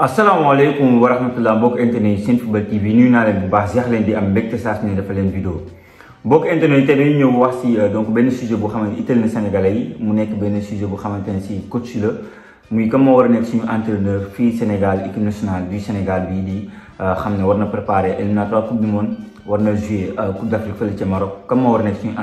asalaamaaleykum wa rahmatulah mbokk internet yi Senfootball TV nuyu naa leen bu baax jeex leen di am mbégte saa su ne dafa leen vidéo mbokk internet yi te dañu ñëw wax si euh, donc benn sujet bu xamante ne itteel na yi mu nekk benn sujet bu xamante ne si coach la muy comme moo war a nekk suñu entraîneur fii Sénégal équipe nationale du Sénégal bii di euh, xam ne war na préparer éliminatoire coupe du monde war na jouer euh, coupe d' Afrique fële Maroc comme moo war a nekk suñu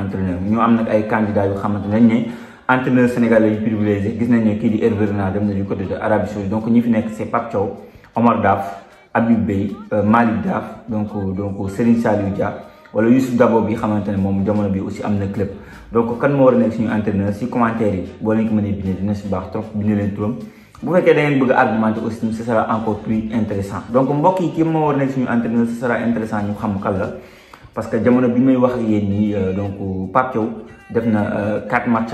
ñoo am nag ay candidats yu xamante nañ ne. entraîneur sénégalais yu privilégié gis nañ ne kii di Hervé Renard dem na du côté de Arabie Saoudite donc ñi fi nekk c'est Pape Thiaw Omar Daf Habib Bey euh, Malick Daf donc donc Serigne Saliou Dia wala Youssouf Dabo bi xamante ne moom jamono bi aussi am na club donc kan moo war a nekk suñu entraîneur si commentaire yi boo leen ko mënee bindee dina si baax trop bindee leen turam bu fekkee da ngeen bëgg argumenter aussi ce sera encore plus intéressant donc mbokk yi ki moo war a nekk suñu entraîneur ce sera intéressant ñu xam kan la parce que jamono bi may wax ak yéen nii euh, donc Pape Thiaw def na 4 euh, matchs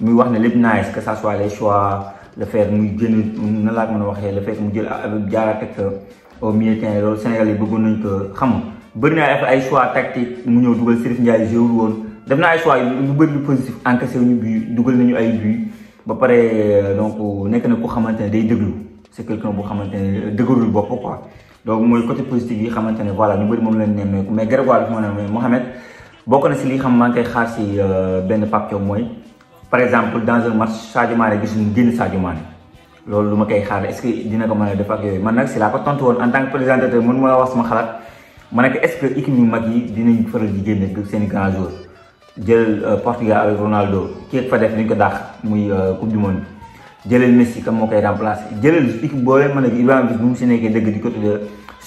muy wax ne nice que ça soit les choix le faire, muy génn na laa mën le fait mu jël au milieu Sénégal yi bëggoon nañ ko xam bëri na ay choix tactique mu ñëw Ndiaye woon ay choix yu positif encaissé ñu bi dugal nañu ay ba euh, donc na ne day déglu c'est quelqu'un bu xamante ne euh, dëgërul bopp quoi donc mooy côté positif yi xamante voilà ñu bëri moom lañ nemmeeku mais Grégoire dafa ma Mohamed bokk si li xam euh, par exemple dans un match Sadio Mané gis ñu génn Sadio Mané loolu lu ma koy xaar est-ce que dina ko mën a def ak man nag si laa ko tontu woon en tant que présentateur mën ma wax sama xalaat ma ne est-ce que équipe yu mag yi dinañ faral di génne seen i grands joueurs euh, Portugal Ronaldo kii fa def dañ ko daax muy euh, coupe du monde jëlal Messi moo koy remplacer jëlal équipe boo leen mën a Ibrahimovic bu mu si nekkee dëgg di ko tuddee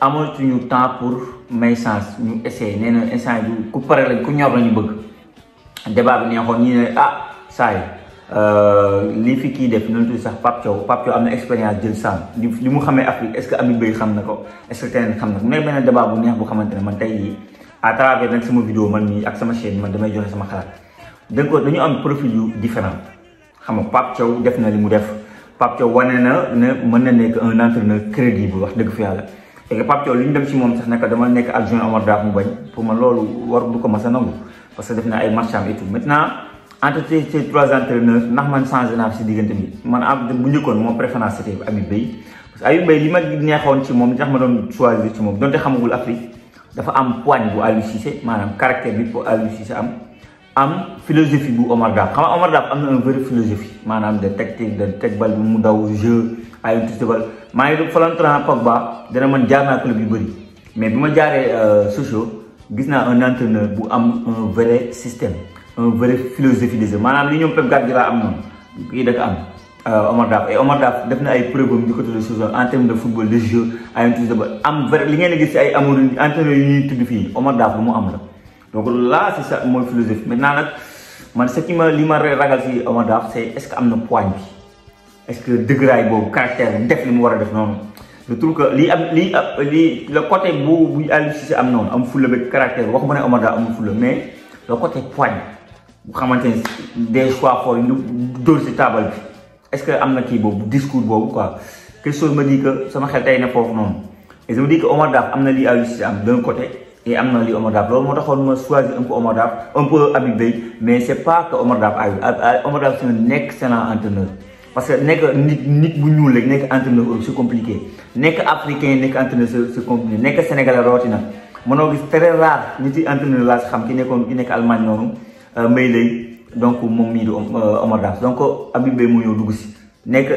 amul amatuñu temps pour may chance ñu essayer néna instant bi ku paré lañ ku ñor lañu bëgg débat bi neexoon ñi ne ah say euh li fi ki def ñu tuy sax pap ciow pap ciow amna expérience jël saam li mu xamé Afrique est ce que Ami Bay xam nako est ce que tane xam nako né mu débat bu neex bu xamantene man tay yi à travers nak sama vidéo man mii ak sama chaîne man damay joxe sama xalaat dañ ko dañu am profil yu différent xam nga Pape Thiaw def na li mu def pap ciow wané na né mën na nekk un entrepreneur crédible wax dëgg fa yàlla et que Pape Thiaw li ñu dem ci moom sax nekk dama nekk adjoint Omar Daf mu bañ pour man loolu war du ko mas a nangu parce que def na ay match am et tout maintenant entre ces trois entraîneurs ndax man changé naa ci diggante bi man am bu njëkkoon moom préférence c'était Habib Beye parce que Habib Beye li ma neexoon ci moom li ma doon choisir ci moom donte xamagul Afrique dafa am poigne bu Aliou Cissé maanaam caractère bi pour Aliou Cissé am am philosophie bu Omar Daf xam nga Omar Daf am na un vrai philosophie maanaam de teg de teg bal bi mu daw jeu ay un bal maa ngi dugg Valentin ba dana man jaar naa club yu bëri mais bi ma jaaree euh, Sochaux gis naa un entraîneur bu am un vrai système un vrai philosophie de jeu maanaam li ñoom Pep Guardiola am kii da am euh, Omar Daf et Omar Daf def na ay preuve du côté de Sochaux en terme de football de jeu ay tous li ngeen di gis si ay amour entraîneur yu ñuy tudd fii Omar Daf lu mu am la donc là c'est ça mooy philosophie maintenant nag man ce qui li ma ragal si Omar Daf c'est est-ce que am na poigne bi est-ce que dëgëraay boobu caractère def li mu war def non le trouve que li am lii lii le côté bu bu Aliou Cissé am non am fulla bi caractère wax ne Omar Dia am fulla mais le côté poigne bu xamanteni des choix pour yi ñu dóor bi est-ce que am na kii boobu discours boobu quoi quelque chose ma dit que sama xel tay na foofu non et je me dis que Omar Dia Amna li lii Aliou Cissé am d'un côté et amna li Omar Dia loolu mo taxone ma choisir un peu Omar Dia un peu Habib mais c'est pas que Omar Dia Omar Dia c'est un excellent entraîneur parce que nek nit nit bu ñuul rek nekk entraîneur Europe c'est compliqué Nek africain nek entraîneur c'est compliqué Nek sénégalais rawatina mënoo gis très rare ñi ci entraîneur la xam ki nekkoon ki nekk Allemagne noonu euh, mbay lay donc mom mi do euh, Omar Dass. donc Abibé Beye mu ñëw dugg si nekk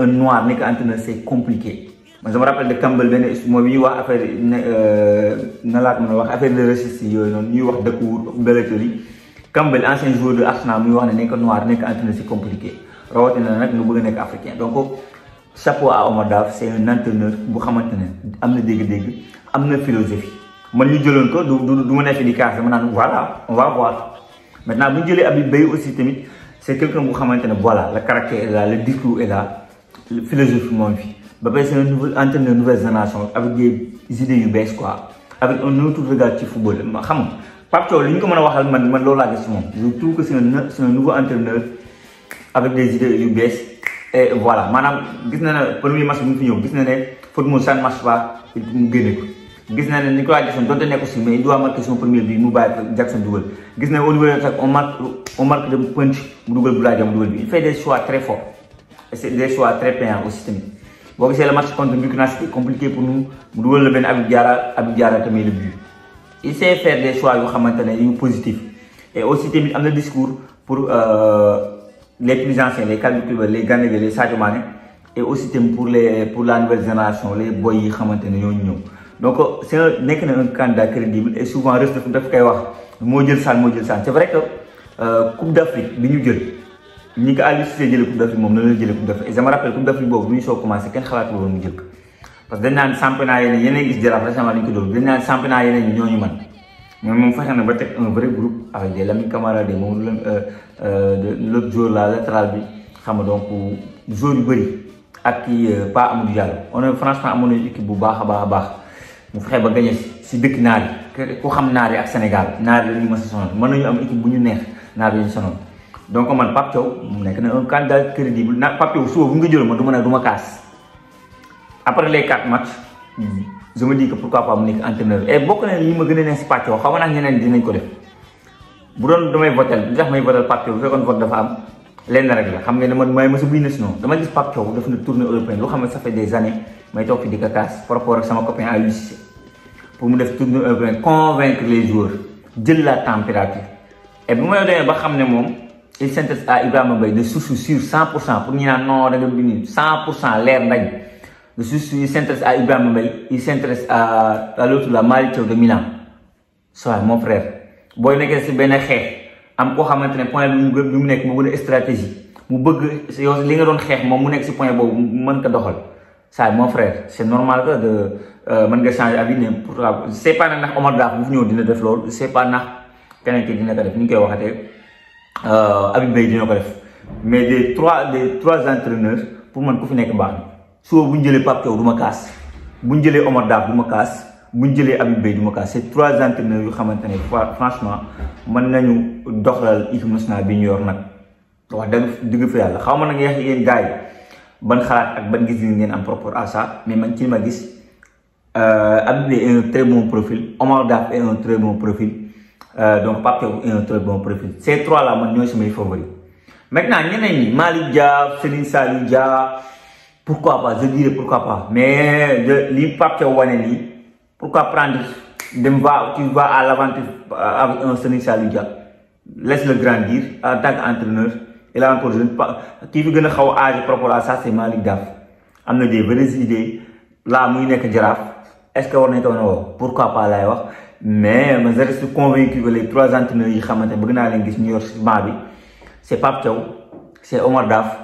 un noir nek entraîneur c'est compliqué man je me rappelle de Campbell benn moi, ñuy wax affaire euh, na laa ko a wax affaire de racistes yooyu noonu ñuy wax dëkku Bellator yi Campbell ancien joueur de Arsenal muy wax ne nekk noir nekk entraîneur c'est compliqué rawatina nag nga bëgg nek africain donc chapeau à Omar Daf c'est un entraîneur bu xamantene amna am na dégg-dégg philosophie man ñu jëloon ko du du ma nekk di casse man naan voilà on va voir maintenant bu ñu jëlee Habib aussi tamit c'est quelqu'un bu xamantene voilà le caractère est là le discours est là philosophie moom fi ba bay c'est un nouvel entraîneur nouvelle génération avec des idées yu bees quoi avec un autre regard ci football ma xam Pape Thiaw liñ ko mëna waxal man man loolu la gis mom je trouve que c'est un c'est un nouveau entraîneur avec des idées yu et voilà Maintenant, le na premier match que nous fi ñëw gis na ne foot match pas Nicolas Jackson donte nekku aussi mais il doit marquer son premier but nous Jackson dugal gis au niveau de l'attaque on marque on marque de punch mu dugal il fait des choix très forts et c'est des choix très payants aussi système. Bon, c'est le match contre Burkina c'était compliqué pour nous mu dugal la benn Habib Diarra Habib le but il sait faire des choix il xamante ne positif et aussi tamit discours pour euh, les plus anciens, les Kalidou Koulibaly, les Ganege, les Sadio et aussi pour, les, pour la nouvelle génération, les boys qui sont venus. Donc, c'est un, un candidat crédible et souvent, reste de faire Modjel San, Modjel San. C'est vrai que euh, Coupe d'Afrique, nous avons ni ka Aliou Cissé jëlee Coupe d'Afrique mom noonu la jëlee Coupe d'Afrique et je me rappelle Coupe d'Afrique boobu bu ñu soog commencé kenn xalaatul woon mu jël parce que dañ naan championnat yeneen yeneen gis jaraaf récemment dañ ko do dañ naan championnat ñoo ñu man mais moom fexe na ba teg un vrai groupe avec des amis camarades Lamine Camara euh, euh, de l'autre jour la latéral bi xam donc euh, joueurs yu bëri ak kii euh, pas Amadou Diallo on est franchement amone équipe bu baax a baax a baax ba gagner ci dëkk naari ko xam naari ak Sénégal naari yi la ñu mës a sonal mën nañu am équipe bu ñu neex naari yi ñu sonal donc man Pape Thiaw mu nek na un candidat crédible na Pape Thiaw suba bu nga jël ma duma ma ne du ma après les 4 matchs. je me dis que pourquoi pas mu nekk entraîneur et eh, bokk na li ma gën a neex si xaw ma naa ñeneen dinañ ko def bu doon damay votel li tax may votel Pathio bu fekkoon vote dafa am lenn rek la xam ne man maay ma sa buy national dama ne ça fait des années may toog fi di ko kaas par rapport ak sama copain Aliou Cissé pour mu def tournée européenne convaincre la température et bu may ba xam ne moom il s'intéresse à Ibrahima Mbaye de source sûre 100 pour cent pour ñu leer ndañ Le il à Ibrahim il s'intéresse à, à l'autre, la malte de Milan. Soit mon frère. si benn xeex am koo xamante point bi nekk stratégie mu bëgg li nga vous nekk point mën doxal ça mon frère C'est normal que de euh, mën nga changer avis pas pourquoi pas que Omar Daf bu ñëw pas que mais des trois des trois entraîneurs pour man suba bu ñu jëlee Pape Thiaw du ma kaas bu ñu jëlee Omar Daf du ma kaas bu ñu jëlee Habib Beye du c'est trois entraîneurs yu xamante franchement man nañu doxal équipe nationale bi ñu yor nak wax da dëgg fi yalla xaw ma nag yéex yéen ban xalat ak ban gis ngeen am propre à ça mais man ci ma gis euh, Habib Beye est un très bon profil Omar Daf est un très bon profil euh donc Pape est un très bon profil ces trois là man ñoy sama favoris maintenant ñeneen ni malik Dia Serigne Saliou Dia pourquoi pas je dirais pourquoi pas mais li Pape Thiaw pourquoi prendre tu vas à l'aventure euh, avec un senior Saliou laisse-le grandir en tant qu'entraîneur il a encore jeune veux veut tu a xaw âge par à ça c'est Malik Daf Il a des vraies idées là il a un girafe. est-ce qu'on est en ko pourquoi pas mais je reste convaincu que les trois entraîneurs qui xamante bëgg naa leen ñu yor c'est Pap c'est Omar Daf